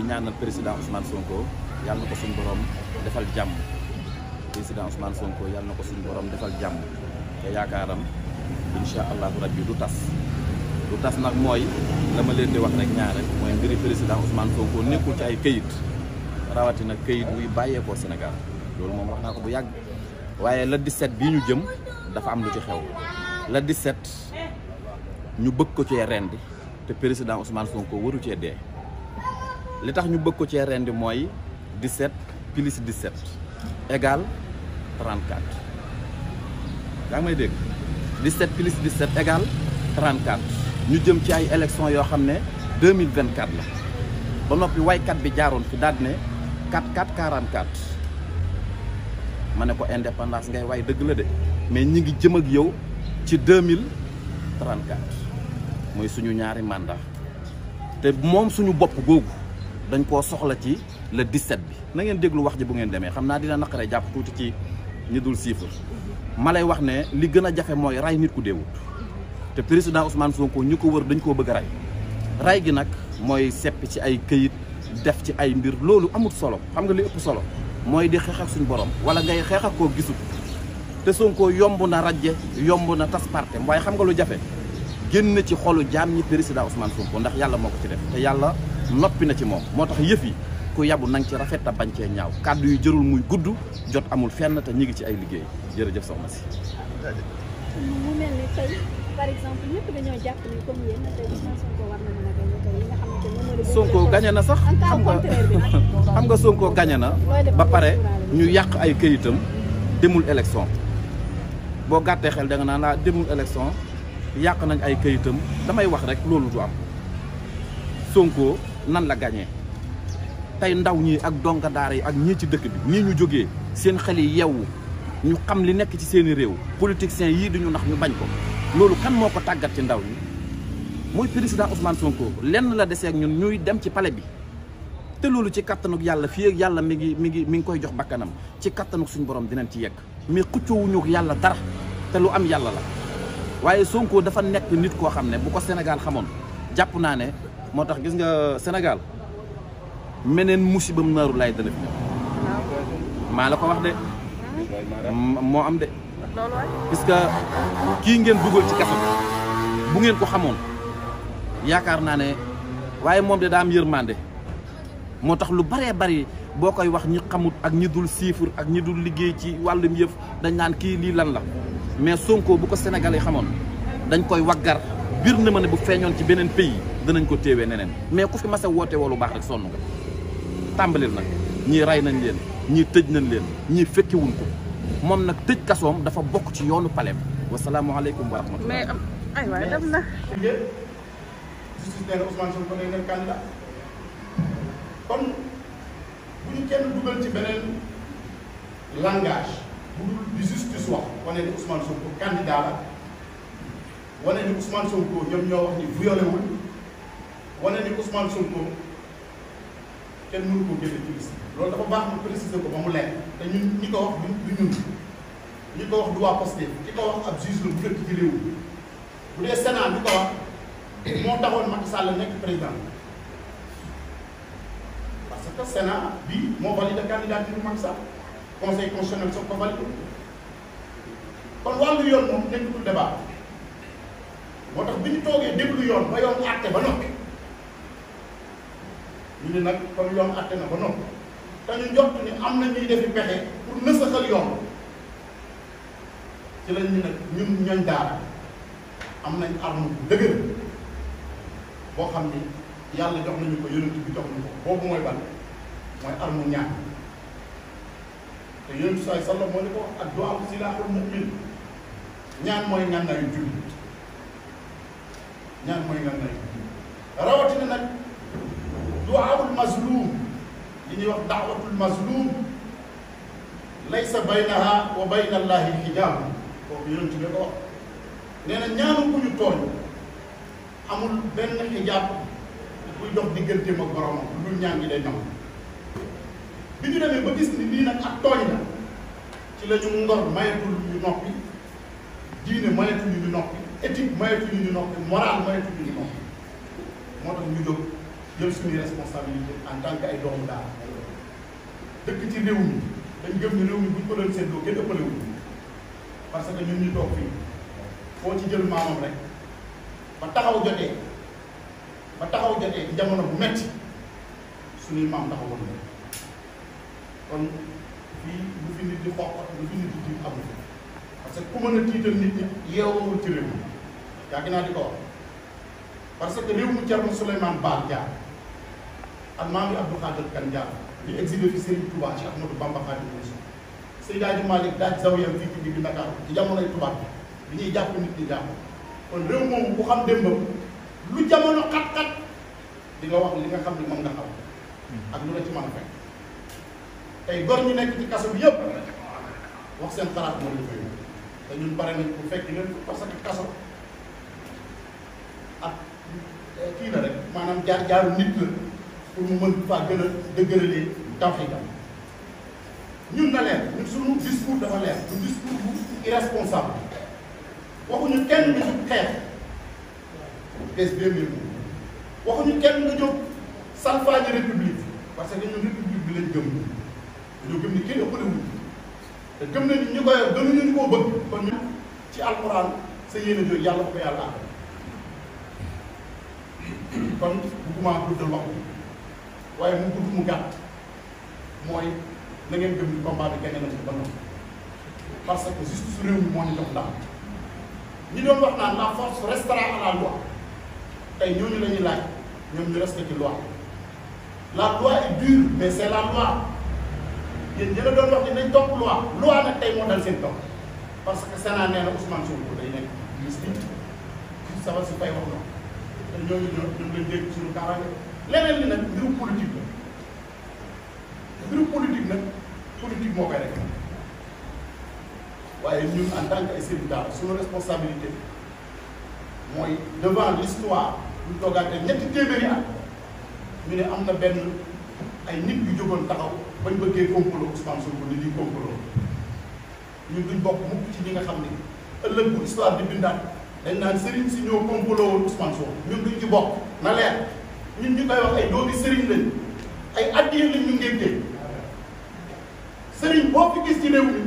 di ñaanal président Ousmane Sonko yàlla na ko suñu boroom defal jàmm président Ousmane Sonko yàlla na ko suñu borom defal jàmm te yaakaaram incha allahu rabbi du tas du tas nag mooy dama leen di wax rek ñaar rek mooy mbiri président Ousmane Sonko nekkul ci ay këyit rawatina këyit wuy bàyyeekoo Sénégal loolu moom wax naa ko bu yàgg waaye la set bii ñu jëm dafa am lu ci xew la 17 ñu bëgg ko cee rendi te président Ousmane Sonko waru cee dee. li tax ñu bëgg ko cee rendi mooy 17 plus 17 égale 34 yaa ngi may dégg 17 plus 17 égale 34 ñu jëm ci ay élections yoo xam ne 2024 la ba noppi waykat bi jaaroon fi daal ne 4 4 44 ma ne ko indépendance ngay way dëgg la de mais ñi ngi jëm ak yow ci 2034 mooy suñu ñaari mandat te moom suñu bopp googu. dañ koo soxla ci le 17 bi na ngeen déglu wax ji bu ngeen demee xam naa dina naqare jàpp tuuti ci ñi dul siiful ma lay wax ne li gën a jafe mooy ray nit ku deewut te président Ousmane Sonko ñu ko wër dañ koo bëgg a ray ray gi nag mooy sepp ci ay këyit def ci ay mbir loolu amul solo xam nga li ëpp solo mooy di xeex suñu borom wala ngay xeex koo gisu te Sonko yomb na rajje yomb na tas partem waaye xam nga lu jafe génn ci xolu jaam ñi président Ousmane Sonko ndax yàlla moo ko ci def te yàlla noppi na ci moom moo tax yëf yi ku yabu nang ci rafet ta bañ cee ñaaw kàddu yi jërul muy gudd jot amul fenn te ñu ngi ci ay liggéey jërëjëf soxna si. mu na sax xam nga xam nga Sonko gagné na. ba pare ñu yàq ay këyitam demul élection boo gàttee xel da naa naan laa demul élection yàq nañ ay këyitam damay wax rek loolu du am Sonko. nan la gagné tey ndaw ñii ak donga daara yi ak ñii ci dëkk bi nii ñu jógee seen xel yi yeewu ñu xam li nekk ci seeni réew politiciens yii duñu ndax ñu bañ ko loolu kan moo ko tàggat ci ndaw ñi mooy président Ousmane Sonko lenn la desee ak ñun ñuy dem ci pale bi te loolu ci kattanuk yàlla fii yàlla mi ngi mi ngi mi ngi koy jox bakkanam ci kattanuk suñu borom dinañ ci yegg mais xëccoowuñu yàlla dara te lu am yàlla la waaye Sonko dafa nekk nit koo xam ne bu ko Sénégal xamoon jàpp naa ne moo tax gis nga Sénégal meneen musibam naaru laay dana maa la ko wax de moo am de puisque kii ngeen dugal ci kaso bu ngeen ko xamoon yaakaar naa ne waaye moom de daa am yërmande moo tax lu baree bari boo koy wax ñi xamut ak ñi dul siifur ak ñi dul liggéey ci wàllum yëf dañ naan kii lii lan la mais Sonko bu ko Sénégal yi xamoon dañ koy waggar biir na ma ne bu feeñoon ci beneen pays danañ ko téewee neneen mais ku fi mas woote woo lu baax rek sonn nga tàmbalil nag ñii ray nañ leen ñii tëj nañ leen ñii fekkiwuñ ko moom nag tëj kasoom dafa bokk ci yoonu paleem wasalaamualeykum wa rahmatulah. mais aywa dem na. justice nee na Ousmane Sonko day nekk bu ñu kenn dugal ci beneen langage bu dul di justice wax wane ni Ousmane Sonko candidat la wane ni Ousmane Sonko ñoom ñoo wax ni violé wul. wane ni Ousmane Sonko kenn mënu ko génne ci loolu dafa baax mu préciser ko ba mu leer te ñu ñi ko wax du ñun ñi ko wax du waa Pastef ki ko wax ab juge la bu dëkk ci réew mi bu dee Sénat bi ko wax moo taxoon Macky Sall nekk président parce que Sénat bi moo valide candidature Macky Sall conseil constitutionnel soog ko valide kon wàllu yoon moom nekkatul débat moo tax bi ñu toogee déglu yoon ba yoon àtte ba noppi. ñu ne nag kon yoon àtte na ba noppi te ñu ni am na ñuy defi pexe pour nësaxal yoon ci lañ ñu nag ñun ñooñ daara am nañ arme bu dëgër boo xam ni yàlla jox nañu ko yonent bi jox nañu ko boobu mooy ban mooy arme ñaan te yonent bi sallallahu alayhi wa sallam moo ne ko ak doo am silaaxul mu'min ñaan mooy ngànnaayu jullit ñaan mooy ngànnaayu jullit rawatina nag. mazlum li ñuy wax daawatul mazlum laysa baynaha wa bayna allahi xijaab boobu yonent bi ko wax nee na ñaanu ku ñu tooñ amul benn xijaab buy dox digganteem ak boromam lu ñaan ngi day ñam bi ñu demee ba gis ni lii nag ak tooñ la ci la ñu e mayetul ñu noppi diine mayetul ñu noppi éthique mayetul ñu noppi moral mayetul ñu noppi moo tax ñu jóg jël suñuy responsabilité en tant que ay doom daara dëkk ci réew mi dañ gëm ni réew mi buñ ko doon seetloo kenn ëppale wu parce que ñun ñu toog fii foo ci jël maamam rek ba taxaw jotee ba taxaw jotee jamono bu metti suñuy maam taxawoon na kon fii lu fi nit di xoq lu fi nit di tiit amul parce que ku mën a tiital nit ñi yeewul ci réew mi yàgg naa di ko parce que réew mu Thierno Souleymane Baal jaar ak maam yi Abdou Khadir Kane Diallo ñu exilé fi Serigne Touba Cheikh Ahmadou Bamba Khadim Rasoul Seydi Hadji Malick daaj zawiyam fii ci digg bi ñuy jàpp nit ñi moom bu xam démbam lu jamono xat-xat di nga wax li nga xam ne moom nga xam ak lu la ci mën a fekk tey gor ñu nekk ci kaso bi yëpp wax seen xalaat moom la koy te ñun pare nañ bu fekk leen parce que kaso ak kii la rek maanaam jaar jaaru nit la. pour mu mën faa gën a dëgëralee tawxiidam ñun na leer ñun suñu discours dafa leer du discours bu irresponsable waxuñu kenn nga jóg xeex des deux mille waxuñu kenn nga jóg salfaañe république parce que ñun république bi lañ gëm ni kenn ëppalewul gëm ni ñu koy bëgg kon ñu ci alxuraan sa yéene jooju yàlla ko ko yàlla àggal kon bugguma guddal wax waaye mu gudd mu gàtt mooy na ngeen gëm ni combat bi gagné a ko ba noonu parce que juste su réew mi moo ñu jox ndam ñi doon wax naan la force restera la loi tey ñooñu la ñuy laaj ñoom ñu respecté loi la loi est dure mais c' est la loi yéen ñi la doon wax ni nañ topp loi loi nag tey moo dal seen topp parce que Sénat nee na Ousmane Sonko day nekk ministre bi Sabassi Faye wax na te ñooñu ñoo ñu ngi leen dégg suñu kaaraange. leneen li nag mbiru politique la mbiru politique nag politique moo koy rek waaye ñun en tant que ay sëriñ daal suñu responsabilité mooy devant l'histoire ñu toogaatee ñetti téeméeri at ñu ne am na benn ay nit yu jógoon taxaw bañ bëggee complot Ousmane Sonko ni ñuy complot ñun duñ bokk mukk ci ñi nga xam ne ëllëg bu histoire di bindaat dañ naan sëriñ si ñoo complot woon Ousmane Sonko ñun duñ ci bokk na leer ñun ñu koy wax ay doomi sëriñ lañ ay addiya lañ ñu ngénte sëriñ boo fi gis ci réew mi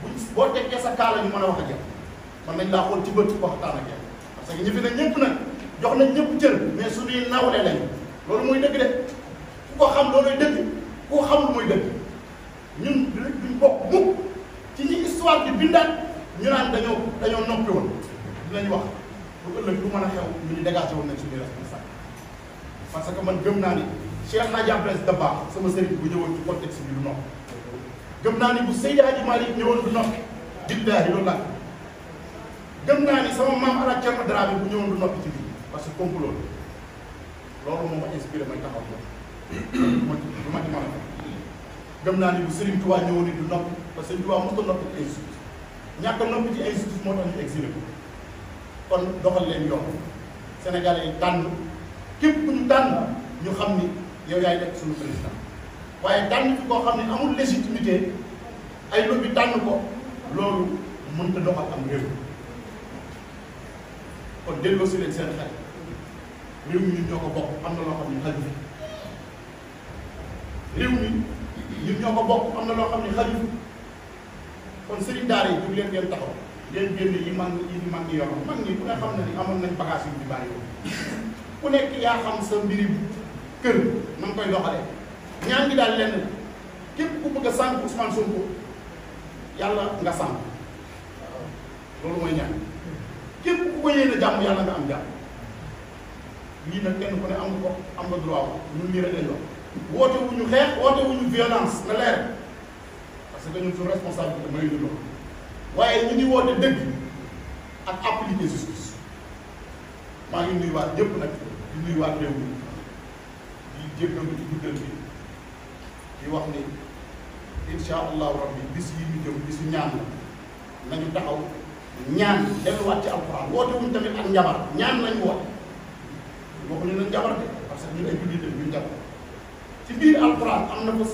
buñ boo tekkee sa kaala ñu mën a wax ak yow mën nañ laa xool ci bët waxtaan ak yow parce que ñi fi ne ñëpp nag jox nañ ñëpp cër mais suñuy nawle lañ loolu mooy dëgg de ku ko xam looluy dëgg ku ko xamul ñu dëgg ñun duñ bokk mukk ci ñi histoire bi bindaat ñu naan dañoo dañoo noppi woon dinañ wax lu ëllëg lu mën a xew ñu ni dégagé woon nañ suñuy responsabilité parce que man gëm naa ni Cheikh Nadia Blaise Dabakh sama sëriñ bu ñëwoon ci contexte bi du noppi gëm naa ni bu Seydi Hadji Malick ñëwoon du noppi billaahi loolu laa gëm naa ni sama maam ala Thierno Dramé bu ñëwoon du noppi ci lii parce que complot loolu moo ma inspiré may taxaw moom gëm naa ni bu Serigne Touba ñëwoon ni du parce que Serigne Touba mënut a noppi ci institut ñàkk kon doxal leen yoon Sénégalais yi tànn. képp ku ñu tànn ñu xam ni yow yaay nekk suñu président waaye tànn fi koo xam ne amul légitimité ay lobby tànn ko loolu mënta doxal am réew kon delloo si leen seen xel réew mi ñun ñoo ko bokk am na loo xam ne xaju fi réew mi ñun ñoo ko bokk am na loo xam ne xaju fi kon sëriñ daara yi jug leen ngeen taxaw leen génn yi mag yi mag yi yoroon mag ñi ku nga xam ne ni amoon nañ bagage yu ñu bàyyi ku nekk yaa xam sa mbiri kër na nga koy doxalee ñaan bi daal lenn képp ku bëgg a sànq Ousmane Sonko nga sànq loolu mooy ñaan képp ku ko yéene jàmm yàlla nga am jàmm lii nag kenn ku ne am ko am nga droit ko ñun lii rek lañ wax woote wu ñu xeex woote wu ñu violence na leer parce que ñun suñu responsabilité mayu ñu loolu waaye ñu ngi ak appliquer justice maa ngi nuyuwaat ñëpp nag di nuyuwaat réew mi di jéggalu ci guddal bi di wax ni insha allahu rabbi bis yi ñu jëm bisu ñaan la nañu taxaw ñaan delluwaat ci alxuraan woote wuñ tamit ak njabar ñaan lañu wax waxuñu ne njabar de parce que ñun ay jullit lañ ñu njabar ci biir alxuraan am na ko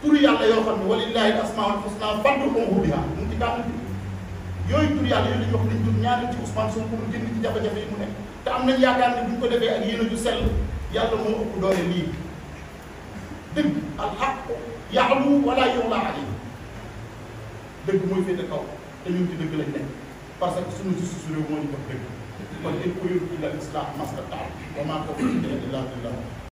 turu yàlla yoo xam ne walillahi asmaul husna faddu ko biha mu ci tàmm bi yooyu tur yàlla yooyu dañuy wax nañ ñun ñaanal ci Ousmane Sonko mu génn ci jafe-jafe yi mu nekk te am nañ yaakaar ne bu ñu ko defee ak yéen a ju sell yàlla moo ëpp doole lii dëgg alxaq yaxlu wala yow laa ali dëgg mooy féete kaw te ñun ci dëgg lañ nekk parce que suñu justice réew moo ñu def dëgg kon dañ ko yóbbu ila islam masta taal wa maa tawfiiqi illa billah